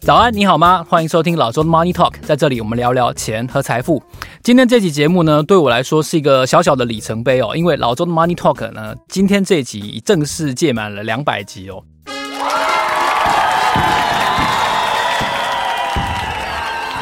早安，你好嗎？歡迎收聽老周的 Money Talk，在這裡我們聊聊錢和財富。今天這集節目呢，對我來說是一個小小的里程碑哦，因為老周的 Money Talk 呢，今天這集正式屆滿了兩百集哦。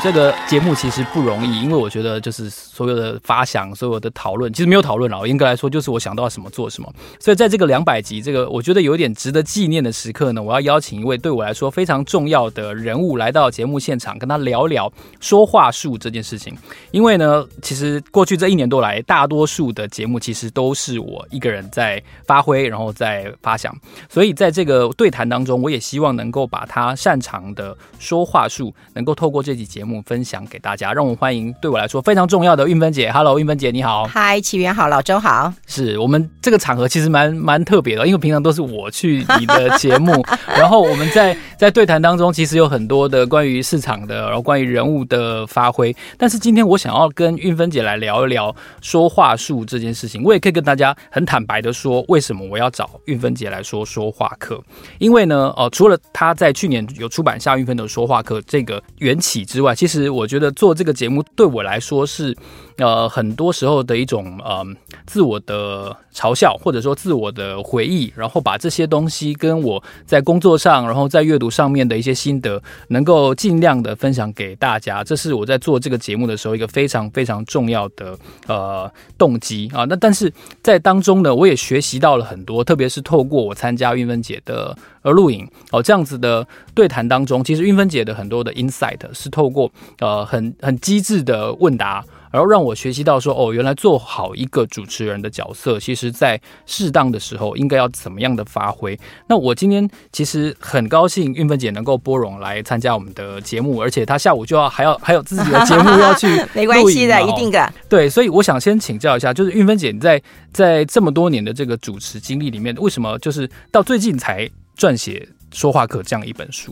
這個節目其實不容易，因為我覺得就是所有的發想、所有的討論，其實沒有討論了。我嚴格來說，就是我想到什麼做什麼。所以在這個兩百集，這個我覺得有點值得紀念的時刻呢，我要邀請一位對我來說非常重要的人物來到節目現場，跟他聊聊說話術這件事情。因為呢，其實過去這一年多來，大多數的節目其實都是我一個人在發揮，然後在發想。所以在這個對談當中，我也希望能夠把他擅長的說話術，能夠透過這期節目。分享給大家，讓我們歡迎對我來說非常重要的韻芬姐。Hello，韻芬姐你好，嗨，起源好，老周好，是我們這個場合其實蠻蠻特別的，因為平常都是我去你的節目， 然後我們在。在對談當中，其實有很多的關於市場的，然後關於人物的發揮。但是今天我想要跟韻芬姐來聊一聊說話術這件事情。我也可以跟大家很坦白的說，為什麼我要找韻芬姐來說說話課？因為呢，哦，除了她在去年有出版夏韻芬的說話課這個緣起之外，其實我覺得做這個節目對我來說是。呃，很多時候的一種呃自我的嘲笑，或者說自我的回憶，然後把這些東西跟我在工作上，然後在閱讀上面的一些心得，能夠盡量的分享給大家，這是我在做這個節目的時候一個非常非常重要的呃動機啊。那但是在當中呢，我也學習到了很多，特別是透過我參加韻芬姐的呃錄影哦這樣子的對談當中，其實韻芬姐的很多的 insight 是透過呃很很機智的問答。然後讓我學習到說哦，原來做好一個主持人的角色，其實在適當的時候應該要怎麼樣的發揮。那我今天其實很高興，韻芬姐能夠撥冗來參加我們的節目，而且她下午就要還要還有自己的節目要去錄影 沒關係的、哦，一定的。對，所以我想先請教一下，就是韻芬姐你在在這麼多年的這個主持經歷裡面，為什麼就是到最近才撰寫？說話課這樣一本書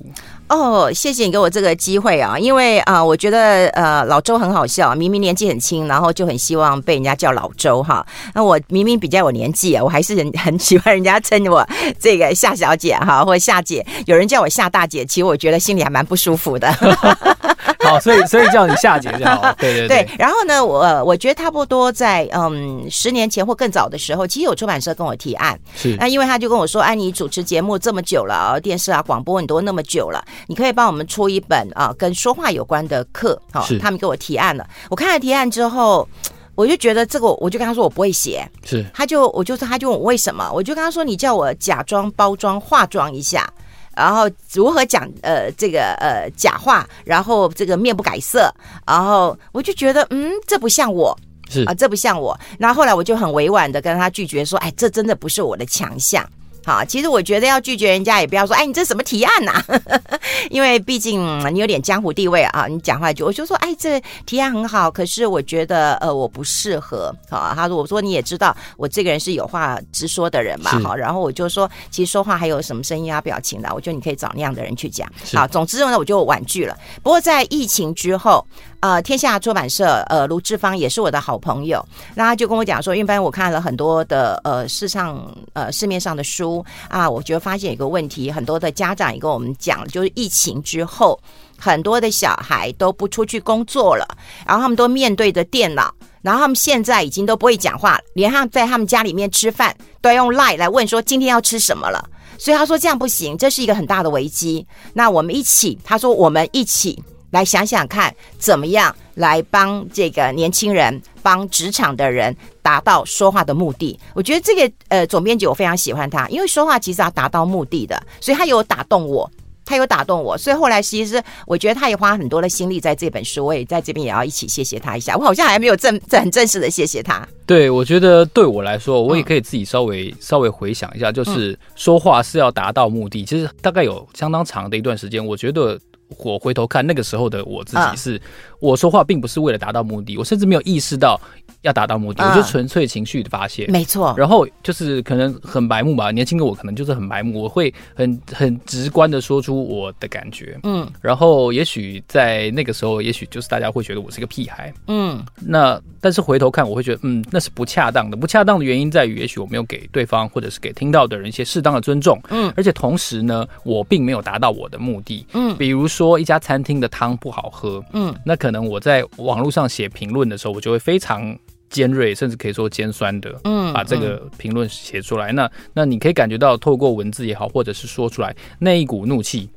哦、oh,，謝謝你給我這個機會啊、哦，因為啊、呃，我覺得呃老周很好笑，明明年紀很輕，然後就很希望被人家叫老周哈。那我明明比較有年紀啊，我還是很很喜歡人家稱我這個夏小姐哈，或夏姐，有人叫我夏大姐，其實我覺得心裡還蠻不舒服的。 哦， 所以所以叫你夏姐就好，對對對。對然後呢，我我覺得差不多在嗯十年前或更早的時候，其實有出版社跟我提案，是。那、啊、因為他就跟我說，哎、啊，你主持節目這麼久了啊，電視啊、廣播你都那麼久了，你可以幫我們出一本啊跟說話有關的課，好、啊、是。他們給我提案了，我看了提案之後，我就覺得這個，我就跟他說我不會寫，是。他就我就說他就問我為什麼，我就跟他說你叫我假裝包裝化妝一下。然後如何講呃這個呃假話，然後這個面不改色，然後我就覺得嗯這不像我是，啊這不像我，那、呃、後、後來我就很委婉的跟他拒絕說，哎這真的不是我的強項。好，其實我覺得要拒絕人家，也不要說哎，你這什麼提案吶、啊？ 因為畢竟你有點江湖地位啊，你講話就我就說哎，這提案很好，可是我覺得呃我不適合。好，他說我說你也知道我這個人是有話直說的人吧，好，然後我就說其實說話還有什麼聲音啊、表情的、啊，我覺得你可以找那樣的人去講。好，總之呢，我就婉拒了。不過在疫情之後，呃，天下出版社呃盧智芳也是我的好朋友，那他就跟我講說，因為我看了很多的呃市場呃市面上的書。啊，我覺得發現一個問題，很多的家長也跟我們講，就是疫情之後，很多的小孩都不出去工作了，然後他們都面對着電腦，然後他們現在已經都不會講話，連他在他們家裡面吃飯都要用 LINE 來問說今天要吃什麼了，所以他說這樣不行，這是一個很大的危機。那我們一起，他說我們一起，來想想看，怎麼樣來幫這個年輕人、幫職場的人達到說話的目的？我覺得這個呃，總編輯我非常喜歡他，因為說話其實要達到目的的，所以他有打動我，他有打動我，所以後來其實我覺得他也花很多的心力在這本書，我也在這邊也要一起謝謝他一下。我好像還沒有正很正式的謝謝他。對，我覺得對我來說，我也可以自己稍微、嗯、稍微回想一下，就是說話是要達到目的。嗯、其實大概有相當長的一段時間，我覺得。我回頭看那個時候的我自己是，uh, 我說話並不是為了達到目的，我甚至沒有意識到要達到目的，uh, 我就純粹情緒的發泄，沒錯。然後就是可能很白目吧，年輕的我可能就是很白目，我會很很直觀的說出我的感覺，嗯。然後也許在那個時候，也許就是大家會覺得我是個屁孩，嗯。那但是回頭看，我會覺得，嗯，那是不恰當的。不恰當的原因在於，也許我沒有給對方，或者是給聽到的人一些適當的尊重，嗯。而且同時呢，我並沒有達到我的目的，嗯。比如說。說一家餐廳的湯不好喝，嗯，那可能我在網絡上寫評論的時候，我就會非常尖銳，甚至可以說尖酸的，嗯，嗯，把這個評論寫出來。那那你可以感覺到，透過文字也好，或者是說出來那一股怒氣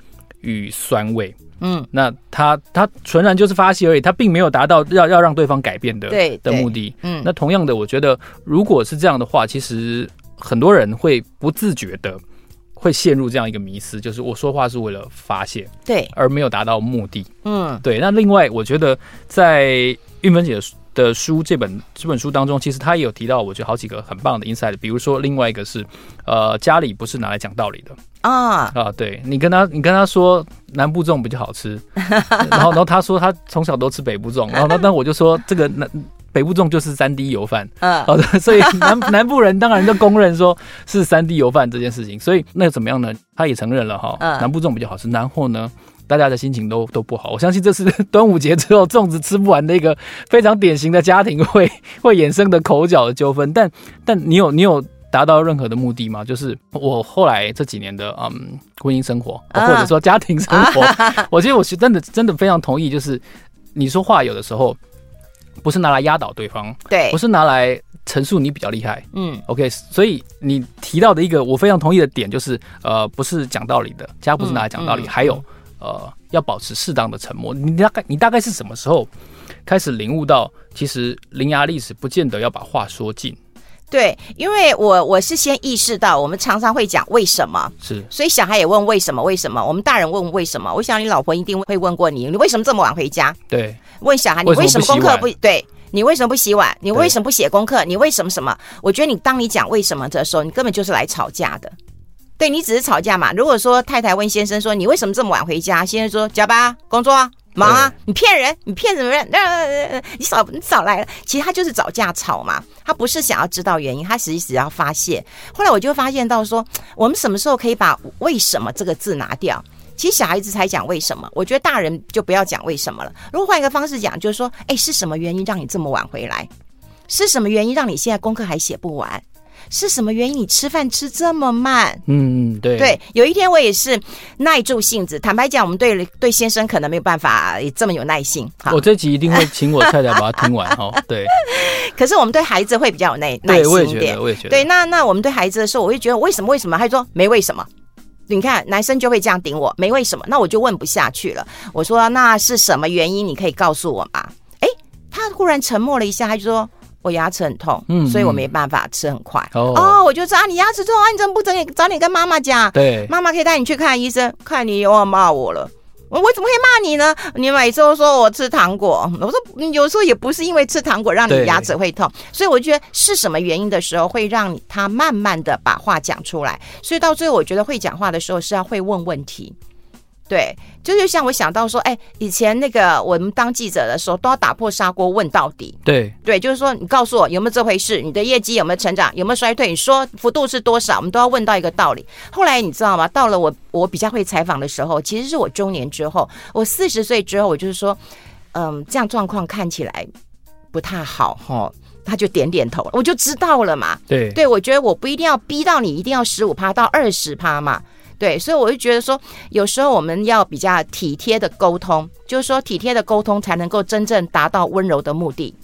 與酸味，嗯，那他他純然就是發洩而已，他並沒有達到要要讓對方改變的對的目的，嗯。那同樣的，我覺得如果是這樣的話，其實很多人會不自覺的。會陷入這樣一個迷思，就是我說話是為了發洩，對，而沒有達到目的。嗯，對。那另外，我覺得在韻芬姐的書，的書這本這本書當中，其實她也有提到，我覺得好幾個很棒的 insight，比如說，另外一個是，呃，家裡不是拿來講道理的啊、哦、啊，對你跟他，你跟她說南部粽比較好吃，然後然後他說他從小都吃北部粽，然後然後我就說這個北部粽就是三滴油飯，好，uh. 的，哦，所以南南部人當然就公認說是三滴油飯這件事情，所以那怎麼樣呢？他也承認了哈，南部粽比較好吃。然後呢，大家的心情都都不好。我相信這是端午節之後粽子吃不完的一個非常典型的家庭會會衍生的口角的糾紛。但但你有你有達到任何的目的嗎？就是我後來這幾年的嗯婚姻生活或者說家庭生活，uh -huh. 我覺得我是真的真的非常同意，就是你說話有的時候。不是拿來壓倒對方，對，不是拿來陳述你比較厲害，嗯，OK。所以你提到的一個我非常同意的點就是，呃，不是講道理的，家不是拿來講道理、嗯嗯嗯，還有，呃，要保持適當的沉默。你大概你大概是什麼時候開始領悟到，其實伶牙俐齒不見得要把話說盡？對，因為我我是先意識到，我們常常會講為什麼，是，所以小孩也問為什麼為什麼，我們大人問為什麼，我想你老婆一定會問過你，你為什麼這麼晚回家？對，問小孩你為什麼功課不，不對，你為什麼不洗碗？你為什麼不寫功課？你為什麼什麼？我覺得你當你講為什麼的時候，你根本就是來吵架的，對，你只是吵架嘛。如果說太太問先生說，你為什麼這麼晚回家，先生說加班工作。媽、啊，你騙人！你騙什麼人？那、啊，你少你少來了。其實他就是找架吵嘛，他不是想要知道原因，他實際只要發洩。後來我就發現到說，我們什麼時候可以把“為什麼”這個字拿掉？其實小孩子才講為什麼，我覺得大人就不要講為什麼了。如果換一個方式講，就是說，哎、欸，是什麼原因讓你這麼晚回來？是什麼原因讓你現在功課還寫不完？是什麼原因你吃飯吃這麼慢？嗯嗯，對對。有一天我也是耐住性子，坦白講，我們對對先生可能沒有辦法這麼有耐心。我這集一定會請我太太把它聽完哈、 哦。對。可是我們對孩子會比較有耐對耐心一點。我也覺得，我也覺得，對，那那我們對孩子的時候，我會覺得為什麼為什麼？他就說沒為什麼。你看男生就會這樣頂我，沒為什麼，那我就問不下去了。我說那是什麼原因？你可以告訴我嗎？哎，他忽然沉默了一下，他就說。我牙齒很痛，嗯，所以我沒辦法吃很快。哦，oh, 我就說啊，你牙齒痛，找你怎麼不早點早點跟媽媽講？對，媽媽可以帶你去看醫生。看你又要罵我了，我我怎麼會罵你呢？你每次都說我吃糖果，我說有時候也不是因為吃糖果讓你牙齒會痛，所以我覺得是什麼原因的時候，會讓他慢慢的把話講出來。所以到最後，我覺得會講話的時候是要會問問題。對，就就是，像我想到說，哎，以前那個我們當記者的時候，都要打破砂鍋問到底。對，對，就是說，你告訴我有沒有這回事？你的業績有沒有成長？有沒有衰退？你說幅度是多少？我們都要問到一個道理。後來你知道嗎？到了我我比較會採訪的時候，其實是我中年之後，我四十歲之後，我就是說，嗯，這樣狀況看起來不太好齁，他就點點頭，我就知道了嘛。對，對我覺得我不一定要逼到你一定要十五趴到二十趴嘛。對，所以我就覺得說，有時候我們要比較體貼的溝通，就是說體貼的溝通才能夠真正達到溫柔的目的。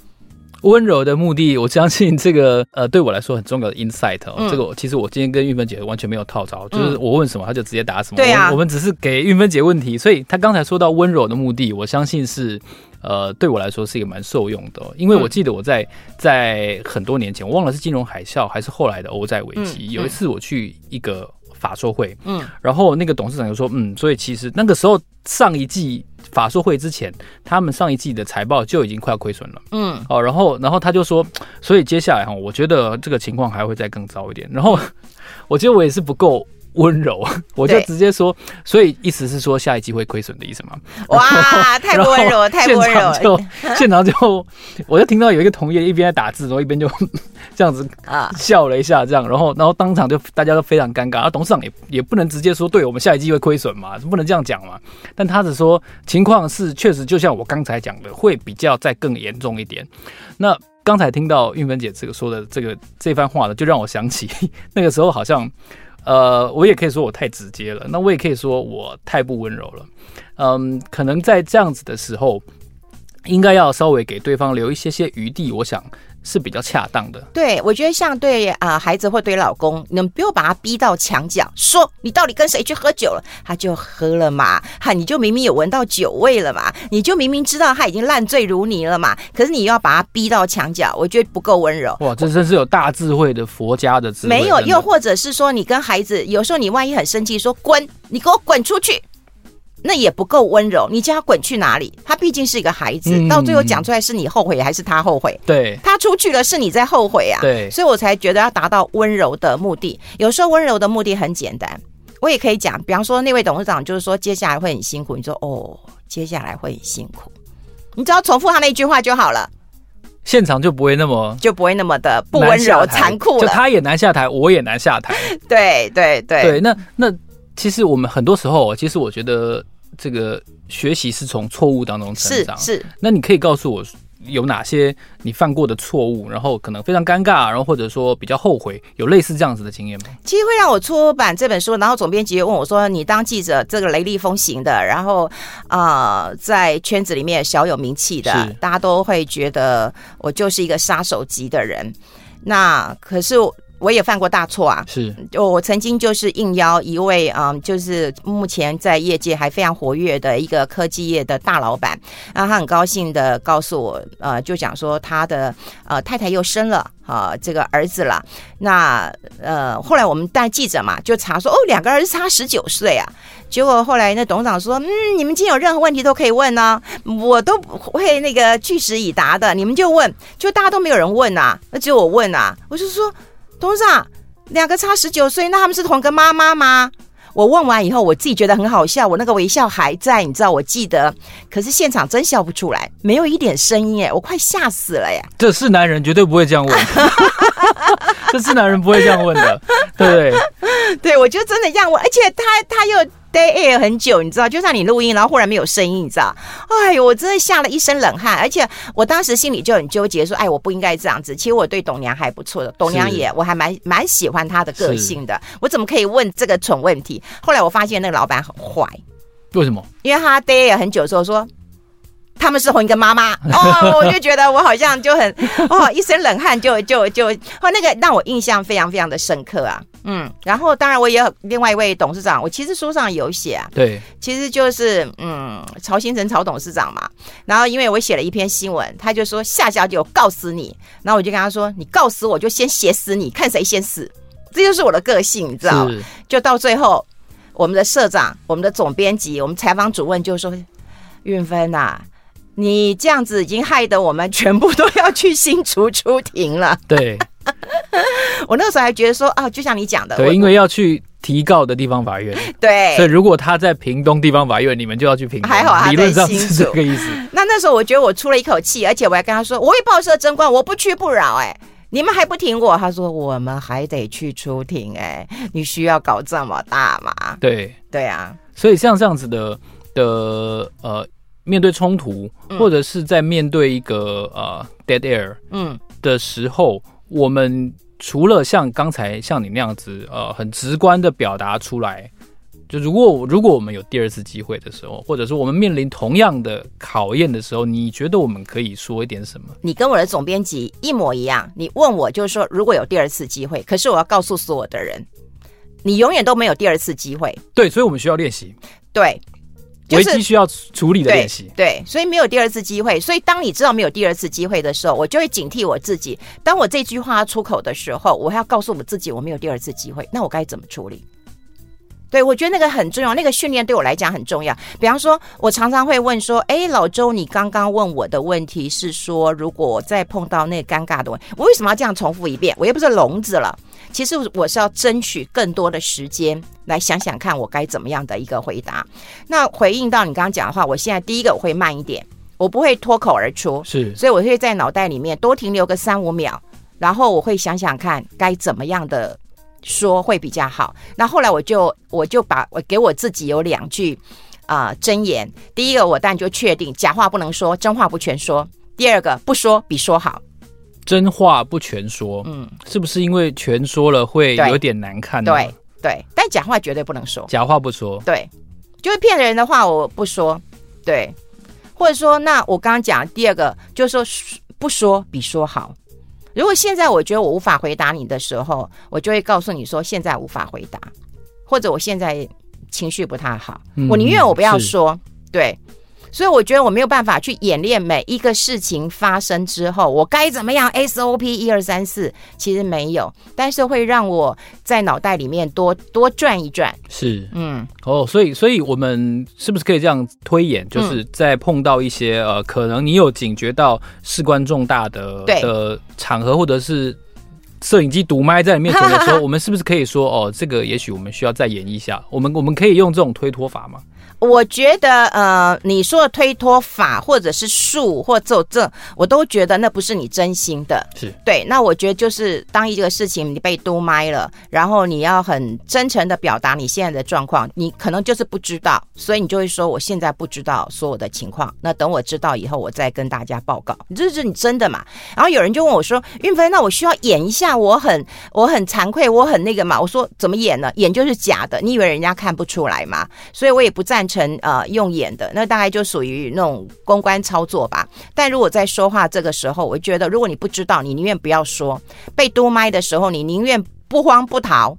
溫柔的目的，我相信這個呃對我來說很重要的 insight、哦嗯。這個其實我今天跟韻芬姐完全沒有套招，就是我問什麼，她就直接答什麼、嗯我。對啊。我們只是給韻芬姐問題，所以她剛才說到溫柔的目的，我相信是呃對我來說是一個蠻受用的，因為我記得我在、嗯、在很多年前，我忘了是金融海嘯還是後來的歐債危機，嗯、有一次我去一個。法說會，嗯，然後那個董事長就說，嗯，所以其實那個時候上一季法說會之前，他們上一季的財報就已經快要虧損了，嗯，哦，然後，然後他就說，所以接下來哈，我覺得這個情況還會再更糟一點，然後，我覺得我也是不夠。溫柔，我就直接說，所以意思是說下一季會虧損的意思嗎？哇，太不溫柔，太不溫柔了，現場就，現場就， 我就聽到有一個同業一邊在打字，然後一邊就這樣子啊笑了一下，這樣，然後，然後當場就大家都非常尷尬。而、啊、董事長也也不能直接說，對我們下一季會虧損嘛，不能這樣講嘛。但他只說情況是確實就像我剛才講的，會比較再更嚴重一點。那剛才聽到韻芬姐這個說的這個這番話呢，就讓我想起那個時候好像。呃，我也可以說我太直接了，那我也可以說我太不溫柔了。嗯，可能在這樣子的時候，應該要稍微給對方留一些些餘地，我想。是比較恰當的。對，我覺得像對啊、呃、孩子或對老公，你們不要把他逼到牆角，說你到底跟誰去喝酒了，他就喝了嘛，哈，你就明明有聞到酒味了嘛，你就明明知道他已經爛醉如泥了嘛，可是你又要把他逼到牆角，我覺得不夠溫柔。哇，這真是有大智慧的佛家的智慧。沒有，又或者是說，你跟孩子有時候你萬一很生氣，說滾，你給我滾出去。那也不夠溫柔，你叫他滾去哪裡？他畢竟是一個孩子，嗯，到最後講出來是你後悔還是他後悔？對，他出去了是你在後悔啊。對，所以我才覺得要達到溫柔的目的，有時候溫柔的目的很簡單，我也可以講，比方說那位董事長就是說接下來會很辛苦，你說哦，接下來會很辛苦，你只要重複他那句話就好了，現場就不會那麼、就不會那麼的不溫柔殘酷了。就他也難下台，我也難下台。 對對對，對，那那其實我們很多時候，其實我覺得。這個學習是從錯誤當中成長是。是，那你可以告訴我有哪些你犯過的錯誤，然後可能非常尷尬，然後或者說比較後悔，有類似這樣子的經驗嗎？其實會讓我出版這本書，然後總編輯問我說：“你當記者，這個雷厲風行的，然後啊、呃，在圈子裡面小有名氣的，大家都會覺得我就是一個殺手級的人。那”那可是我。我也犯過大錯啊！是，就我曾經就是應邀一位嗯、呃，就是目前在業界還非常活躍的一個科技業的大老板，然、啊、後他很高興的告訴我，呃，就講說他的呃太太又生了啊，這個兒子了。那呃，後來我們當記者嘛，就查說，哦，兩個兒子差十九歲啊。結果後來那董事長說，嗯，你們今天有任何問題都可以問呢、啊，我都會那個據實以答的，你們就問，就大家都沒有人問啊，那只有我問啊，我就說。董事長，兩個差十九歲，那他們是同一個媽媽嗎？我問完以後，我自己覺得很好笑，我那個微笑還在，你知道，我記得，可是現場真笑不出來，沒有一點聲音，誒，我快嚇死了呀！這是男人絕對不會這樣問的， 這是男人不會這樣問的， 對不對？對，我就真的這樣問，而且他他又。待 air 很久，你知道，就像你錄音，然後忽然沒有聲音，你知道，哎呦，我真的嚇了一身冷汗，而且我當時心裡就很糾結，說，哎，我不應該這樣子。其實我對董娘還不錯的，董娘也，我還蠻蠻喜歡她的個性的。我怎麼可以問這個蠢問題？後來我發現那個老闆很壞。為什麼？因為他待 air 很久之後說。他們是紅一個媽媽哦，我就覺得我好像就很 哦，一身冷汗就，就就就哦，那個讓我印象非常非常的深刻啊。嗯，然後當然我也有另外一位董事長，我其實書上有寫啊，對，其實就是嗯，曹新成曹董事長嘛。然後因為我寫了一篇新聞，他就說，夏小姐我告死你，然後我就跟他說，你告死我，就先寫死你，看誰先死，這就是我的個性，你知道，就到最後，我們的社長、我們的總編輯、我們採訪主任就說，韻芬吶。你這樣子已經害得我們全部都要去新竹出庭了。對， 我那時候還覺得說啊，就像你講的，對，因為要去提告的地方法院。對，所以如果他在屏東地方法院，你們就要去屏東。還好他在新竹，理論上是這個意思。那那時候我覺得我出了一口氣，而且我還跟他說，我為報社爭光，我不屈不饒。哎，你們還不挺我？他說我們還得去出庭欸。哎，你需要搞這麼大嗎？對，對啊。所以像這樣子的的呃。面對衝突，或者是在面對一個呃 Dead Air，嗯，的時候，我們除了像剛才像你那樣子呃很直觀的表達出來，就如果如果我們有第二次機會的時候，或者是我們面臨同樣的考驗的時候，你覺得我們可以說一點什麼？你跟我的總編輯一模一樣，你問我就是說，如果有第二次機會，可是我要告訴所有的人，你永遠都沒有第二次機會。對，所以我們需要練習。對。我必須要處理的練習，就是，對，所以沒有第二次機會。所以當你知道沒有第二次機會的時候，我就會警惕我自己。當我這句話出口的時候，我還要告訴我們自己，我沒有第二次機會。那我該怎麼處理？對，我覺得那個很重要，那個訓練對我來講很重要。比方說，我常常會問說：“哎，老周，你剛剛問我的問題是說，如果再碰到那個尷尬的問題，我為什麼要這樣重複一遍？我又不是聾子了。其實我是要爭取更多的時間來想想看，我該怎麼樣的一個回答。那回應到你剛剛講的話，我現在第一個我會慢一點，我不會脫口而出，是，所以我會在腦袋裡面多停留個三五秒，然後我會想想看該怎麼樣的。”說會比較好。那後來我就我就把我給我自己有兩句啊、呃、箴言。第一個，我當然就確定，假話不能說，真話不全說。第二個，不說比說好。真話不全說，嗯，是不是因為全說了會有點難看？對對，但假話絕對不能說。假話不說，對，就是騙人的話我不說，對，或者說，那我剛剛講的第二個，就是說不說比說好。如果現在我覺得我無法回答你的時候，我就會告訴你說現在無法回答，或者我現在情緒不太好，嗯，我寧願我不要說，對。所以我覺得我沒有辦法去演練每一個事情發生之後我該怎麼樣 SOP 一二三四，其實沒有，但是會讓我在腦袋裡面多多轉一轉。是，嗯，哦，所以，所以我們是不是可以這樣推演？就是在碰到一些、嗯、呃，可能你有警覺到事關重大的對的場合，或者是攝影機堵麥在你面前的時候， 我們是不是可以說哦，這個也許我們需要再演一下？我們我們可以用這種推脫法嗎？我覺得，呃，你說的推脫法，或者是術或者這，我都覺得那不是你真心的。是對，那我覺得就是當一個事情你被堵麥了，然後你要很真誠的表達你現在的狀況，你可能就是不知道，所以你就會說我現在不知道所有的情況，那等我知道以後，我再跟大家報告，這是你真的嘛？然後有人就問我說：“韻芬，那我需要演一下，我很，我很慚愧，我很那個嘛。”我說怎麼演呢？演就是假的，你以為人家看不出來嗎？所以我也不贊成。成呃，用演的，那大概就屬於那種公關操作吧。但如果在說話這個時候，我覺得如果你不知道，你寧願不要說。被多麥的時候，你寧願不慌不逃，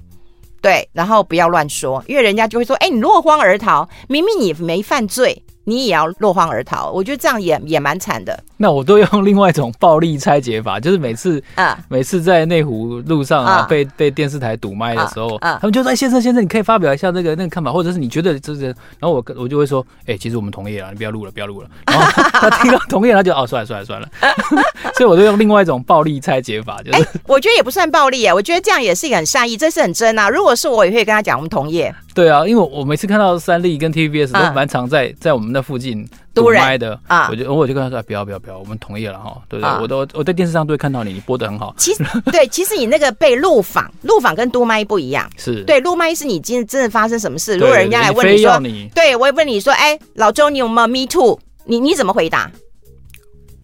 對，然後不要亂說，因為人家就會說：“哎、欸，你落荒而逃，明明你沒犯罪。”你也要落荒而逃，我覺得這樣也也蠻慘的。那我都用另外一種暴力拆解法，就是每次啊、嗯，每次在內湖路上啊，嗯、被被電視台堵麥的時候、嗯嗯，他們就說：“哎、先生先生，你可以發表一下那個那個看法，或者是你覺得就是。”然後我我就會說：“哎、欸，其實我們同意了，你不要錄了，不要錄了。”然後他聽到同業， 他就哦，算了算了算了。算了 所以我就用另外一種暴力拆解法，就是、欸、我覺得也不算暴力啊，我覺得這樣也是一個很善意，這是很真啊。如果是，我也會跟他講，我們同業。對啊，因為我，我每次看到三立跟 TVBS 都蠻常在，啊，在我們的附近堵麥的都啊，我就我就跟他說，啊，不要不要不要，我們同意了哈，對對，啊。我都我在電視上都會看到你，你播得很好。其實對。 其實你那個被錄訪，錄訪跟堵麥不一樣。是對，錄麥是你今天真的發生什麼事，對對對，如果人家來問你說你要你，對，我問你說，哎，老周你有沒有 Me Too？你你怎麼回答？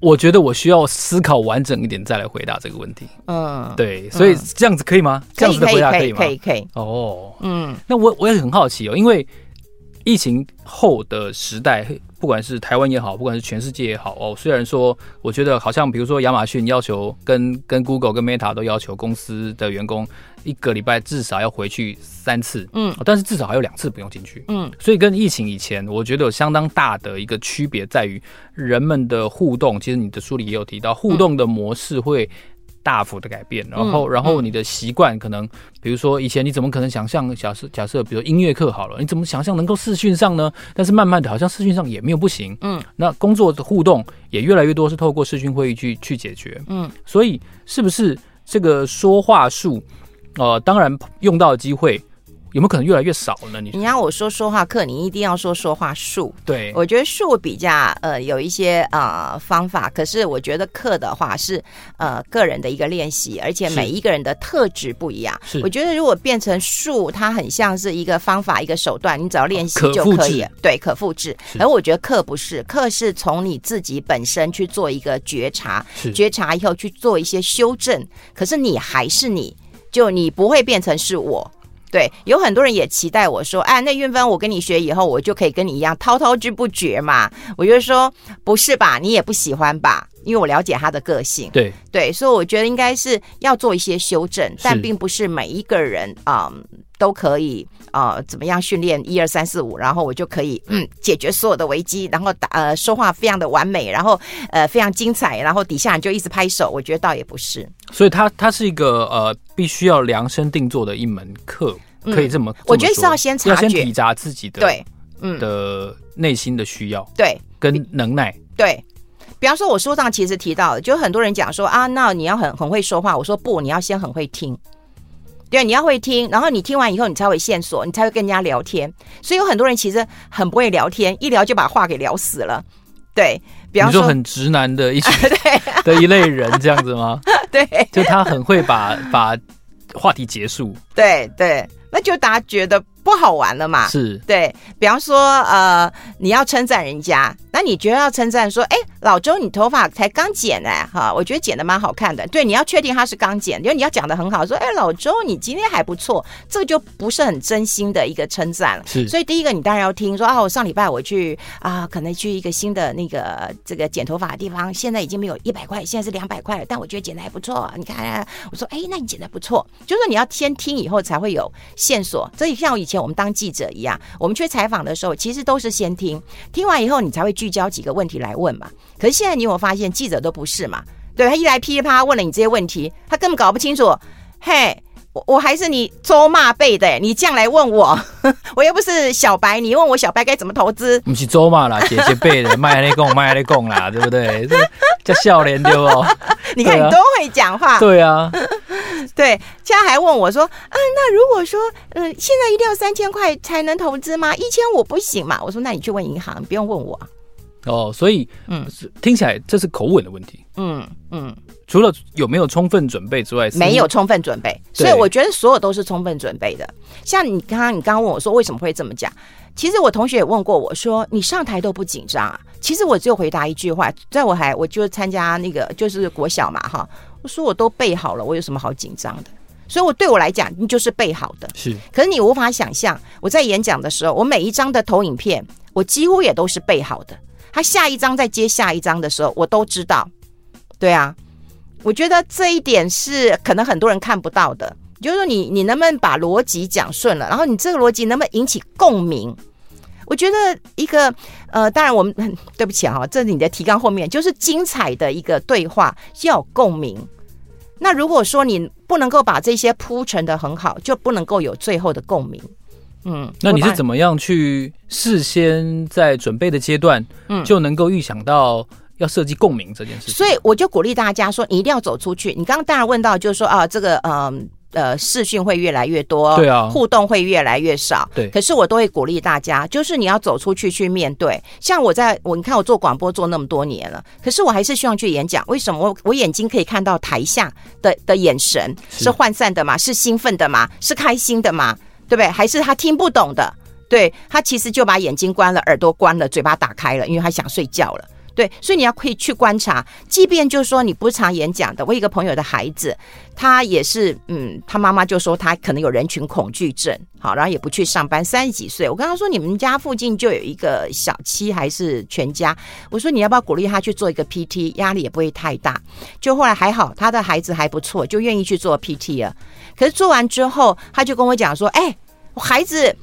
我覺得我需要思考完整一點再來回答這個問題。嗯，對，所以這樣子可以嗎？嗯，這樣子的回答可以嗎？可以，可以，可以可以可以哦，嗯。那我我也很好奇哦，因為疫情後的時代，不管是台灣也好，不管是全世界也好哦，雖然說我覺得好像，比如說亞馬遜要求跟跟 Google、跟 Meta 都要求公司的員工。一個禮拜至少要回去三次，嗯，但是至少還有兩次不用進去，嗯，所以跟疫情以前，我覺得有相當大的一個區別，在於人們的互動。其實你的書裡也有提到，互動的模式會大幅的改變。嗯，然後，然後你的習慣可能，比如說以前你怎麼可能想象，假設假設，比如說音樂課好了，你怎麼想象能夠視訊上呢？但是慢慢的好像視訊上也沒有不行，嗯，那工作的互動也越來越多是透過視訊會議去去解決，嗯，所以是不是這個說話術？呃，當然用到的機會有沒有可能越來越少呢？你你要我說說話課，你一定要說說話術。對，我覺得術比較呃有一些呃方法，可是我覺得課的話是呃個人的一個練習，而且每一個人的特質不一樣。是，我覺得如果變成術，它很像是一個方法、一個手段，你只要練習就可以。可複製。對，可複製。而我覺得課不是，課是從你自己本身去做一個覺察，覺察以後去做一些修正，可是你還是你。就你不會變成是我，對？有很多人也期待我說，哎，那韻芬我跟你學以後，我就可以跟你一樣滔滔之不絕嘛。我就說，不是吧，你也不喜歡吧？因為我了解他的個性，對對，所以我覺得應該是要做一些修正，但並不是每一個人啊、嗯、都可以啊、呃、怎麼樣訓練一二三四五，1, 2, 3, 4, 5, 然後我就可以嗯解決所有的危機，然後打呃說話非常的完美，然後呃非常精彩，然後底下就一直拍手。我覺得倒也不是，所以他他是一個呃必須要量身定做的一門課，嗯、可以這麼，這麼我覺得是要先察覺先體察自己的對、嗯、的內心的需要，對跟能耐對。比方說，我書上其實提到，就很多人講說啊，那你要很很會說話。我說不，你要先很會聽，對，你要會聽，然後你聽完以後，你才會線索，你才會跟人家聊天。所以有很多人其實很不會聊天，一聊就把話給聊死了。對，比方說，說很直男的一群，啊、的一類人這樣子嗎？ 對，就他很會把把話題結束。對對，那就大家覺得。不好玩了嘛？是。對，比方說，呃，你要稱讚人家，那你覺得要稱讚說，哎，老周你頭髮才剛剪哎，啊，哈，啊，我覺得剪的蠻好看的。對，你要確定他是剛剪，因為你要講的很好，說，哎，老周你今天還不錯，這個就不是很真心的一個稱讚了。是，所以第一個你當然要聽說啊，我上禮拜我去啊，可能去一個新的那個這個剪頭髮的地方，現在已經沒有一百塊，現在是兩百塊了，但我覺得剪的還不錯。你看，啊，我說，哎，那你剪的不錯，就是說你要先聽以後才會有線索。所以像我以前。像我們當記者一樣，我們去採訪的時候，其實都是先聽，聽完以後你才會聚焦幾個問題來問嘛。可是現在你有有發現，記者都不是嘛，對吧？他一來噼裡啪啦問了你這些問題，他根本搞不清楚，嘿。我我還是你祖母輩的，你這樣來問我， 我又不是小白，你問我小白該怎麼投資？不是祖母啦，姐姐輩的，賣勒共賣勒共啦，對不對？叫笑臉對不？你看你都會講話。 對啊， 對，家在還問我說，嗯、呃，那如果說、呃，現在一定要三千塊才能投資嗎？一千我不行嘛？我說，那你去問銀行，不用問我。哦，所以，嗯，聽起來這是口吻的問題。嗯嗯。除了有沒有充分準備之外，沒有充分準備，所以我覺得所有都是充分準備的。像你剛剛，你剛剛問我說為什麼會這麼講？其實我同學也問過我說，你上台都不緊張啊。其實我只有回答一句話，在我還我就參加那個就是國小嘛哈，我說我都背好了，我有什麼好緊張的？所以，我對我來講，你就是背好的。是，可是你無法想象，我在演講的時候，我每一張的投影片，我幾乎也都是背好的。他下一張再接下一張的時候，我都知道。對啊。我覺得這一點是可能很多人看不到的，就是說你你能不能把邏輯講順了，然後你這個邏輯能不能引起共鳴？我覺得一個呃，當然我們對不起哈、哦，這是你的提綱後面就是精彩的一個對話，要有共鳴。那如果說你不能夠把這些鋪陳得很好，就不能夠有最後的共鳴。嗯，那你是怎麼樣去事先在準備的階段，嗯，就能夠預想到、嗯？嗯要設計共鳴這件事情，所以我就鼓勵大家說：“你一定要走出去。”你剛剛當然問到，就是說啊，這個嗯呃，呃，視訊會越來越多，對啊，互動會越來越少，對。可是我都會鼓勵大家，就是你要走出去去面對。像我在我你看我做廣播做那麼多年了，可是我還是希望去演講。為什麼？我我眼睛可以看到台下的的眼神是渙散的嘛？是興奮的嘛？是開心的嘛？對不對？還是他聽不懂的？對他其實就把眼睛關了，耳朵關了，嘴巴打開了，因為他想睡覺了。對，所以你要可以去觀察，即便就是說你不常演講的，我一個朋友的孩子，他也是，嗯，他媽媽就說他可能有人群恐懼症，好，然後也不去上班，三十幾歲，我跟他說，你們家附近就有一個小七還是全家，我說你要不要鼓勵他去做一個 PT，壓力也不會太大，就後來還好，他的孩子還不錯，就願意去做 PT 了，可是做完之後，他就跟我講說，哎，我孩子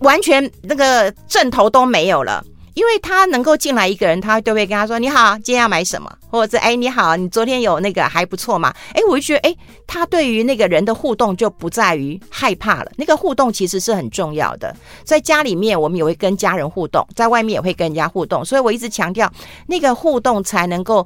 完全那個症頭都沒有了。因為他能夠進來一個人，他就會對對跟他說：“你好，今天要買什麼？”或者是：“哎，你好，你昨天有那個還不錯嘛？”哎，我就覺得，哎，他對於那個人的互動就不在於害怕了。那個互動其實是很重要的。在家裡面，我們也會跟家人互動，在外面也會跟人家互動。所以我一直強調，那個互動才能夠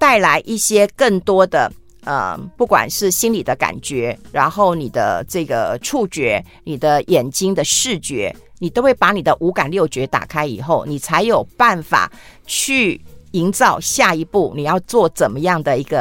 帶來一些更多的呃，不管是心理的感覺，然後你的這個觸覺，你的眼睛的視覺。你都會把你的五感六覺打開以後，你才有辦法去營造下一步你要做怎麼樣的一個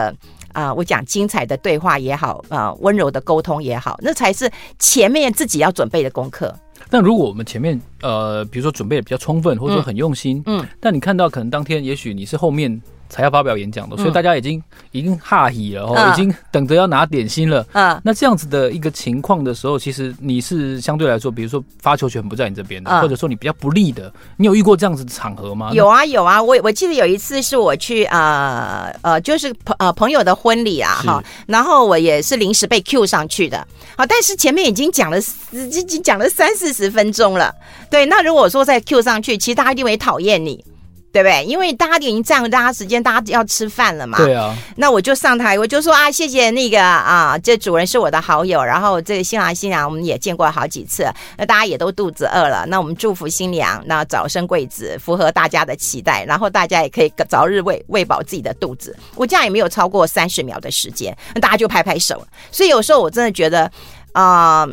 啊、呃，我講精彩的對話也好，啊、呃，溫柔的溝通也好，那才是前面自己要準備的功課。那如果我們前面呃，比如說準備的比較充分，或者說很用心嗯，嗯，但你看到可能當天，也許你是後面，才要發表演講的、嗯，所以大家已經已經哈希了，嗯、已經等着要拿點心了。啊、嗯嗯，那這樣子的一個情況的時候，其實你是相對來說，比如說發球權不在你這邊的、嗯，或者說你比較不利的，你有遇過這樣子的場合嗎？有啊有啊，我我記得有一次是我去啊呃，呃，就是朋呃朋友的婚禮啊哈，然後我也是臨時被 Q 上去的。好，但是前面已經講了已經講了三四十分鐘了，對。那如果說再 Q 上去，其實大家一定會討厭你。對不對？因為大家已經占了大家時間，大家要吃飯了嘛。對啊。那我就上台，我就說啊，謝謝那個啊，這主人是我的好友，然後這個新郎新娘我們也見過好幾次。那、啊、大家也都肚子餓了，那我們祝福新娘，那早生貴子，符合大家的期待。然後大家也可以早日餵餵飽自己的肚子。我這樣也沒有超過三十秒的時間，那大家就拍拍手。所以有時候我真的覺得啊、呃，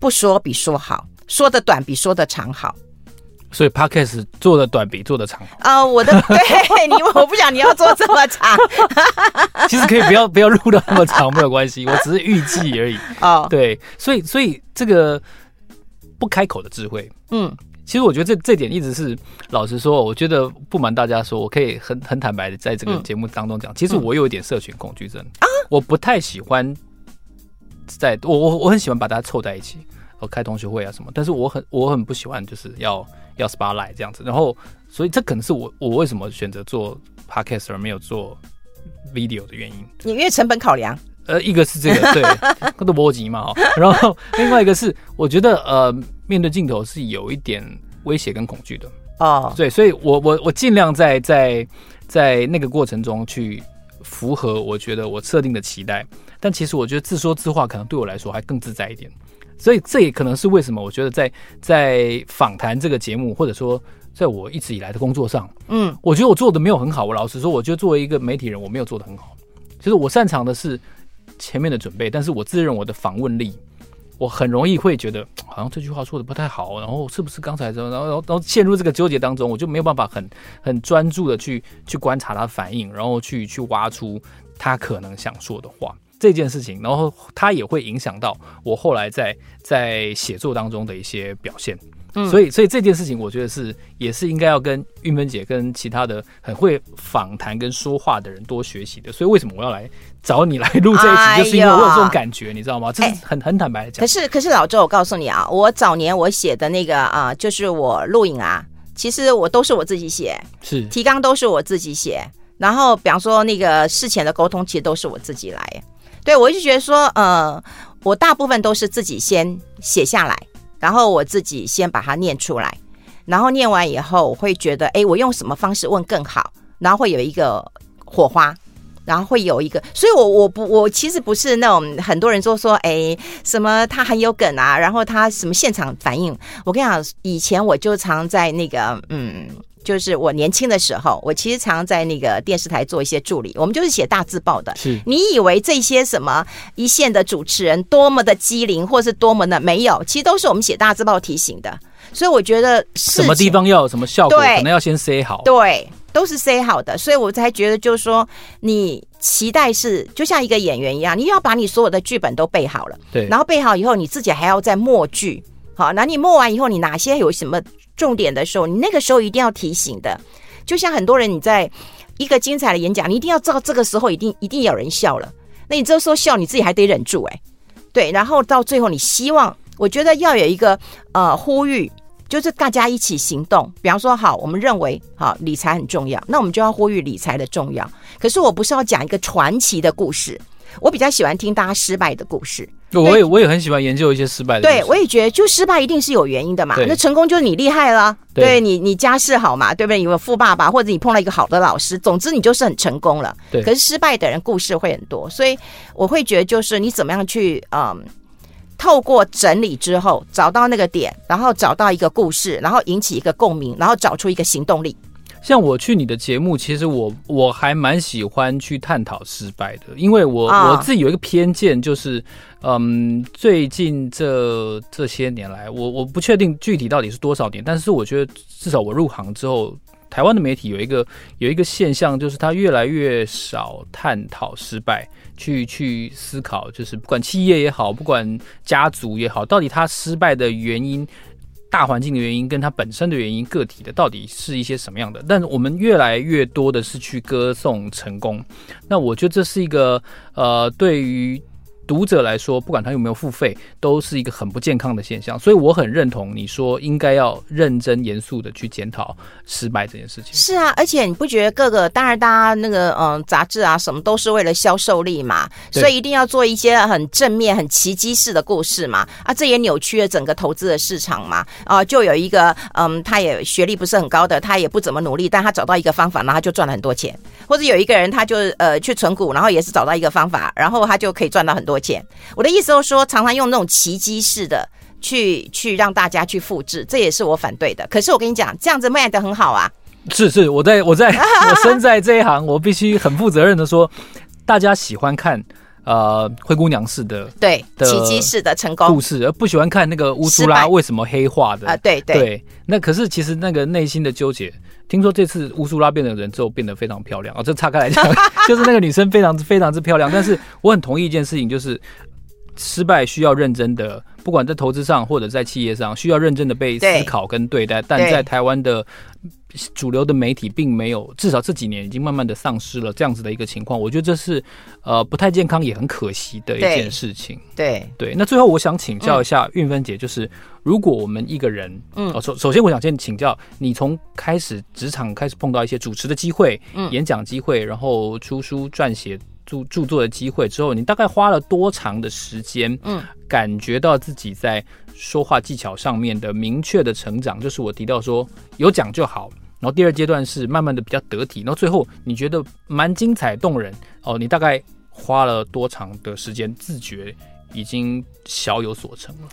不說比說好，說得短比說得長好。所以 podcast 做的短，比做的長啊、uh,，我的，對你，我不想你要做這麼長 ， 其實可以不要不要錄到那麼長沒有關係，我只是預計而已啊，oh. 對，所以所以這個不開口的智慧，嗯，其實我覺得這這點一直是，老實說，我覺得不瞞大家說，我可以很很坦白的在這個節目當中講，其實我有一點社群恐懼症啊、嗯，我不太喜歡在，在我我我很喜歡把大家湊在一起，我開同學會啊，什麼，但是我很我很不喜歡就是要要 spotlight 這樣子，然後所以這可能是我我為什麼選擇做 podcast 而沒有做 video 的原因。你因為成本考量？呃，一個是這個，對，更多波及嘛，喔，然後另外一個是我覺得呃面對鏡頭是有一點威脅跟恐懼的哦，對，所以我我我盡量在在在那個過程中去符合我覺得我設定的期待，但其實我覺得自說自話可能對我來說還更自在一點。所以這也可能是為什麼我覺得在在訪談這個節目，或者說在我一直以來的工作上，嗯，我覺得我做的沒有很好。我老實說，我覺得作為一個媒體人，我沒有做的很好。其實我擅長的是前面的準備，但是我自認我的訪問力，我很容易會覺得好像這句話說的不太好，然後是不是剛才，然後然後然後陷入這個糾結當中，我就沒有辦法很很專注的去去觀察他的反應，然後去去挖出他可能想說的話。這件事情，然後它也會影響到我後來在在寫作當中的一些表現，嗯，所以所以這件事情，我覺得是也是應該要跟韻芬姐跟其他的很會訪談跟說話的人多學習的。所以為什麼我要來找你來錄這一集，哎，就是因為我有這種感覺，你知道嗎？哎，很很坦白的講，哎。可是可是老周，我告訴你啊，我早年我寫的那個啊，呃，就是我錄影啊，其實我都是我自己寫，是提綱都是我自己寫，然後比方說那個事前的溝通，其實都是我自己來。對，我就覺得說，呃，我大部分都是自己先寫下來，然後我自己先把它念出來，然後念完以後，我會覺得，哎，我用什麼方式問更好？然後會有一個火花，然後會有一個，所以我我不我其實不是那種很多人就說，哎，什麼他很有梗啊，然後他什麼現場反應。我跟你講，以前我就常在那個，嗯。就是我年輕的時候，我其實常在那個電視台做一些助理，我們就是寫大字報的。是你以為這些什麼一線的主持人多麼的機靈，或是多麼的沒有？其實都是我們寫大字報提醒的。所以我覺得什麼地方要有什麼效果，可能要先塞好。對，都是塞好的，所以我才覺得就是說，你期待是就像一個演員一樣，你要把你所有的劇本都背好了，對，然後背好以後，你自己還要再默劇。好，那你摸完以後，你哪些有什麼重點的時候，你那個時候一定要提醒的。就像很多人，你在一個精彩的演講，你一定要知道這個時候一定一定有人笑了。那你這時候笑，你自己還得忍住誒、欸。對，然後到最後，你希望我覺得要有一個呃呼籲，就是大家一起行動。比方說，好，我們認為好理財很重要，那我們就要呼籲理財的重要。可是我不是要講一個傳奇的故事，我比較喜歡聽大家失敗的故事。對，我也我也很喜歡研究一些失敗的，對，我也覺得就失敗一定是有原因的嘛。那成功就是你厲害了，對，對你你家世好嘛，對不對？你有個富爸爸，或者你碰到一個好的老師，總之你就是很成功了。對，可是失敗的人故事會很多，所以我會覺得就是你怎麼樣去嗯，透過整理之後找到那個點，然後找到一個故事，然後引起一個共鳴，然後找出一個行動力。像我去你的節目，其實我我還蠻喜歡去探討失敗的，因為我、啊、我自己有一個偏見，就是嗯，最近這這些年來，我我不確定具體到底是多少年，但是我覺得至少我入行之後，台灣的媒體有一個有一個現象，就是他越來越少探討失敗，去去思考，就是不管企業也好，不管家族也好，到底他失敗的原因。大環境的原因跟它本身的原因，個體的到底是一些什麼樣的？但我們越來越多的是去歌頌成功，那我覺得這是一個呃，對於。讀者來說，不管他有沒有付費，都是一個很不健康的現象。所以我很認同你說應該要認真嚴肅的去檢討失敗這件事情。是啊，而且你不覺得各個,個當然大家那個嗯、呃、雜誌啊什麼都是為了銷售力嘛，所以一定要做一些很正面、很奇蹟式的故事嘛。啊，這也扭曲了整個投資的市場嘛。啊、呃，就有一個嗯、呃，他也學歷不是很高的，他也不怎麼努力，但他找到一個方法，然後他就賺了很多錢。或者有一個人，他就呃去存股，然後也是找到一個方法，然後他就可以賺到很多錢。我的意思就是說，常常用那種奇蹟式的去去讓大家去複製，這也是我反對的。可是我跟你講，這樣子賣得很好啊。是是，我在我在 我身在這一行，我必須很負責任的說，大家喜歡看呃灰姑娘式的對的奇蹟式的成功故事，而不喜歡看那個烏蘇拉為什麼黑化的啊、呃。對對，對，那可是其實那個內心的糾結。聽說這次烏蘇拉變成人之後變得非常漂亮啊！這、哦、岔開來講， 就是那個女生非常非常之漂亮。但是我很同意一件事情，就是失敗需要認真的。不管在投資上或者在企業上，需要認真的被思考跟對待。對對，但在台灣的主流的媒體，並沒有，至少這幾年已經慢慢的喪失了這樣子的一個情況。我覺得這是呃不太健康，也很可惜的一件事情。對對、對。那最後我想請教一下韻、嗯、芬姐，就是如果我們一個人，嗯，首、呃、首先我想先請教，你從開始職場開始碰到一些主持的機會、嗯、演講機會，然後出書撰寫。著著作的機會之後，你大概花了多長的時間？嗯，感覺到自己在說話技巧上面的明確的成長，就是我提到說有講就好。然後第二階段是慢慢的比較得體，然後最後你覺得蠻精彩動人哦。你大概花了多長的時間，自覺已經小有所成了？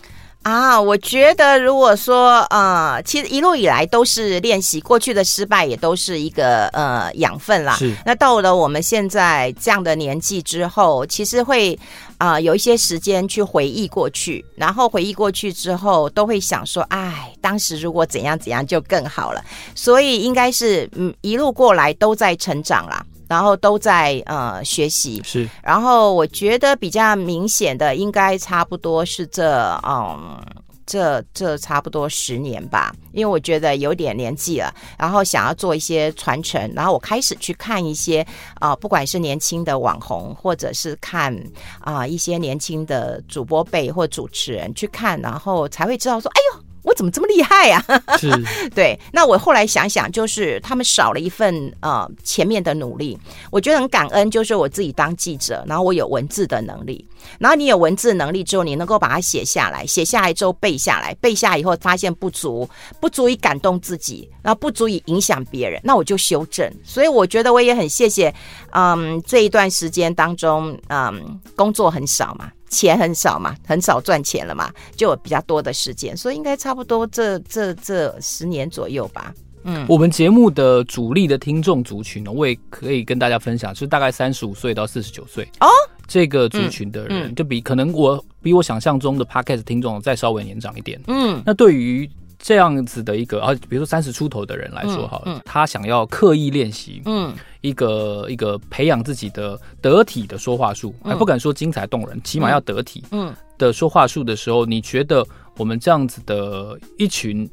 啊，我覺得如果說，呃，其實一路以來都是練習，過去的失敗也都是一個呃養分啦。是。那到了我們現在這樣的年紀之後，其實會啊、呃、有一些時間去回憶過去，然後回憶過去之後，都會想說，哎，當時如果怎樣怎樣就更好了。所以應該是嗯一路過來都在成長啦。然後都在呃學習，是。然後我覺得比較明顯的，應該差不多是這嗯、呃、這這差不多十年吧，因為我覺得有點年紀了，然後想要做一些傳承，然後我開始去看一些啊、呃，不管是年輕的網紅，或者是看啊、呃、一些年輕的主播輩或主持人去看，然後才會知道說，哎呦，我怎麼這麼厲害呀？是， 對。那我後來想想，就是他們少了一份呃前面的努力，我覺得很感恩。就是我自己當記者，然後我有文字的能力，然後你有文字能力之後，你能夠把它寫下來，寫下來之後背下來，背下來以後發現不足，不足以感動自己，然後不足以影響別人，那我就修正。所以我覺得我也很謝謝，嗯，這一段時間當中，嗯，工作很少嘛。錢很少嘛，很少賺錢了嘛，就有比較多的時間，所以應該差不多這這這十年左右吧。嗯，我們節目的主力的聽眾族群呢，我也可以跟大家分享，就是大概三十五歲到四十九歲哦，這個族群的人，就比、嗯嗯、可能我比我想象中的 Podcast 聽眾再稍微年長一點。嗯，那對於。這樣子的一個啊，比如說三十出頭的人來說好了，嗯嗯，他想要刻意練習，嗯，一個一個培養自己的得體的說話術，嗯，還不敢說精彩動人，起碼要得體，嗯，的說話術的時候，你覺得我們這樣子的一群，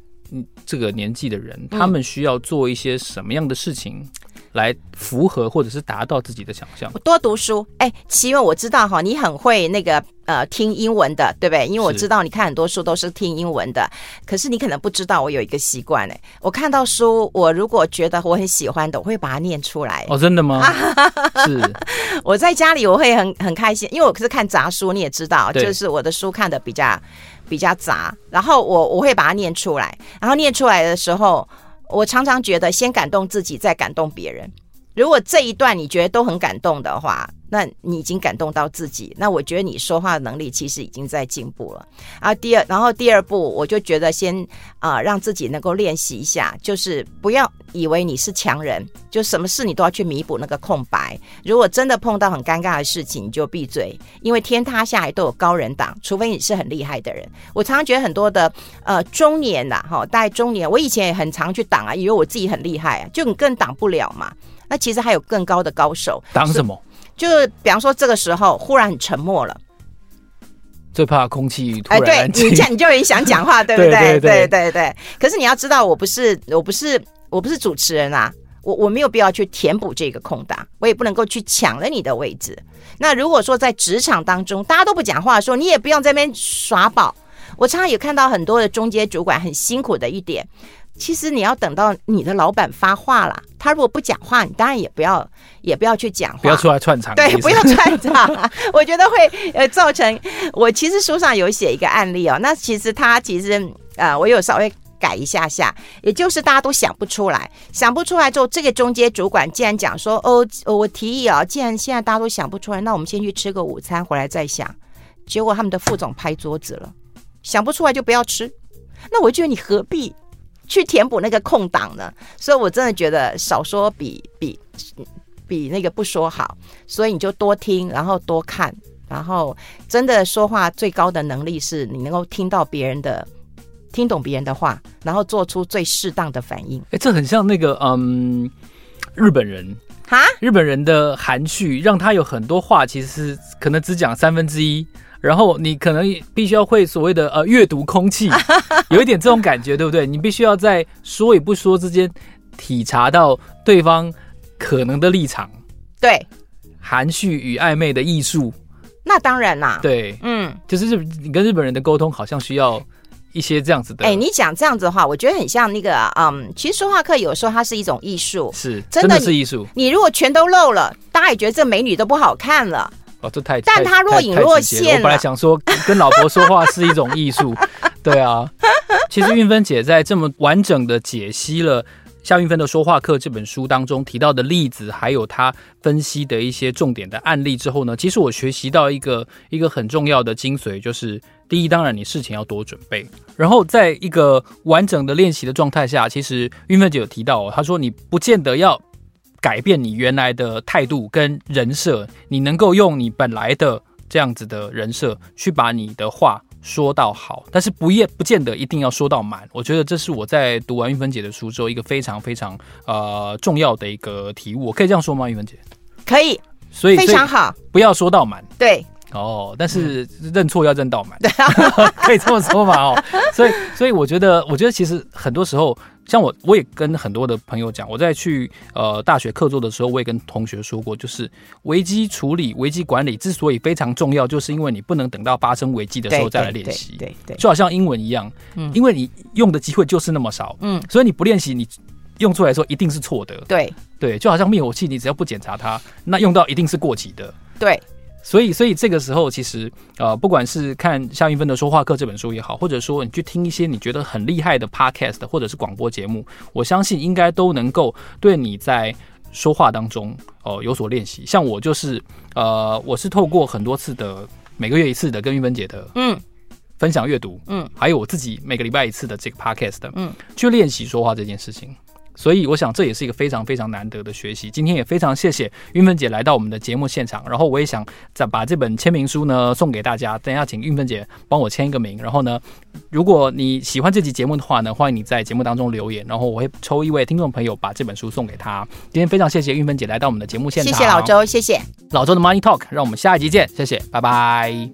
這個年紀的人，嗯，他們需要做一些什麼樣的事情？來符合或者是達到自己的想象。我多讀書，哎、欸，因為我知道哈、哦，你很會那個呃聽英文的，對不對？因為我知道你看很多書都是聽英文的，是，可是你可能不知道我有一個習慣哎、欸，我看到書，我如果覺得我很喜歡的，我會把它念出來。哦，真的嗎？ 是，我在家裡我會很很開心，因為我是看雜書，你也知道，就是我的書看得比較比較雜，然後我我會把它念出來，然後念出來的時候。我常常覺得，先感動自己，再感動別人。如果這一段你覺得都很感動的話，那你已經感動到自己，那我覺得你說話的能力其實已經在進步了啊。第二，然後第二步，我就覺得先啊、呃，讓自己能夠練習一下，就是不要以為你是強人，就什麼事你都要去彌補那個空白。如果真的碰到很尷尬的事情，你就閉嘴，因為天塌下來都有高人擋，除非你是很厲害的人。我常常覺得很多的呃中年吶、啊、哈、哦，大概中年，我以前也很常去擋啊，以為我自己很厲害啊，就你更擋不了嘛。那其實還有更高的高手擋什麼？就是，比方說這個時候忽然很沉默了，最怕空氣突然。哎、呃，對，你這樣你就很想講話，對不對？ 對、對、對？對對對。可是你要知道，我不是，我不是，我不是主持人啊，我我沒有必要去填補這個空檔，我也不能夠去搶了你的位置。那如果說在職場當中大家都不講話的時候，說你也不用在那邊耍寶。我常常也看到很多的中階主管很辛苦的一點。其實你要等到你的老板發話了，他如果不講話，你當然也不要，也不要去講話。不要出來串場，對，不要串場， 我覺得會呃造成。我其實書上有寫一個案例哦，那其實他其實啊、呃，我有稍微改一下下，也就是大家都想不出來，想不出來之後，這個中階主管竟然講說：“哦，哦我提議啊、哦，既然現在大家都想不出來，那我們先去吃個午餐，回來再想。”結果他們的副總拍桌子了，想不出來就不要吃。那我就覺得你何必？去填補那個空檔呢，所以我真的覺得少說比比比那個不說好，所以你就多聽，然後多看，然後真的說話最高的能力是你能夠聽到別人的，聽懂別人的話，然後做出最適當的反應。哎，這很像那個嗯，日本人哈，日本人的含蓄讓他有很多話其實可能只講三分之一。然後你可能必須要會所謂的呃閱讀空氣，有一點這種感覺， 對不對？你必須要在說與不說之間體察到對方可能的立場。對，含蓄與曖昧的藝術。那當然啦。對，嗯，就是你跟日本人的溝通好像需要一些這樣子的。哎、欸，你講這樣子的話，我覺得很像那個嗯，其實說話課有時候它是一種藝術，是，真的，是藝術真的，是藝術。你如果全都漏了，大家也覺得這美女都不好看了。哦，這太……但他若隱若現。我本來想說，跟老婆說話是一種藝術， 對啊。其實韻芬姐在這麼完整的解析了夏韻芬的說話課這本書當中提到的例子，還有她分析的一些重點的案例之後呢，其實我學習到一個一個很重要的精髓，就是第一，當然你事情要多準備，然後在一個完整的練習的狀態下，其實韻芬姐有提到、哦，她說你不見得要。改變你原來的態度跟人設，你能夠用你本來的這樣子的人設去把你的話說到好，但是不一不見得一定要說到滿。我覺得這是我在讀完韻芬姐的書之後一個非常非常呃重要的一個題目。我可以這樣說嗎，韻芬姐？可以，所以，所以非常好，不要說到滿。對，哦，但是認錯要認到滿。對啊，可以這麼說嘛哦。 所以，所以我覺得，我覺得其實很多時候。.像我，我也跟很多的朋友講，我在去呃大學客座的時候，我也跟同學說過，就是危機處理、危機管理之所以非常重要，就是因為你不能等到發生危機的時候再來練習。對對，對，對，對對，就好像英文一樣，嗯，因為你用的機會就是那麼少，嗯，所以你不練習，你用出來的時候一定是錯的。對對，就好像滅火器，你只要不檢查它，那用到一定是過期的。對。所以，所以這個時候，其實，呃，不管是看夏韻芬的說話課這本書也好，或者說你去聽一些你覺得很厲害的 podcast 或者是廣播節目，我相信應該都能夠對你在說話當中哦、呃、有所練習。像我就是，呃，我是透過很多次的每個月一次的跟韻芬姐的嗯分享閱讀嗯，還有我自己每個禮拜一次的這個 podcast 嗯，去練習說話這件事情。所以我想這也是一個非常非常難得的學習。今天也非常謝謝韻芬姐來到我們的節目現場。然後我也想再把這本簽名書呢送給大家。等一下請韻芬姐幫我簽一個名。然後呢，如果你喜歡這期節目的話呢，歡迎你在節目當中留言。然後我會抽一位聽眾朋友把這本書送給他。今天非常謝謝韻芬姐來到我們的節目現場。謝謝老周，謝謝老周的 Money Talk。讓我們下一集見，謝謝，拜拜。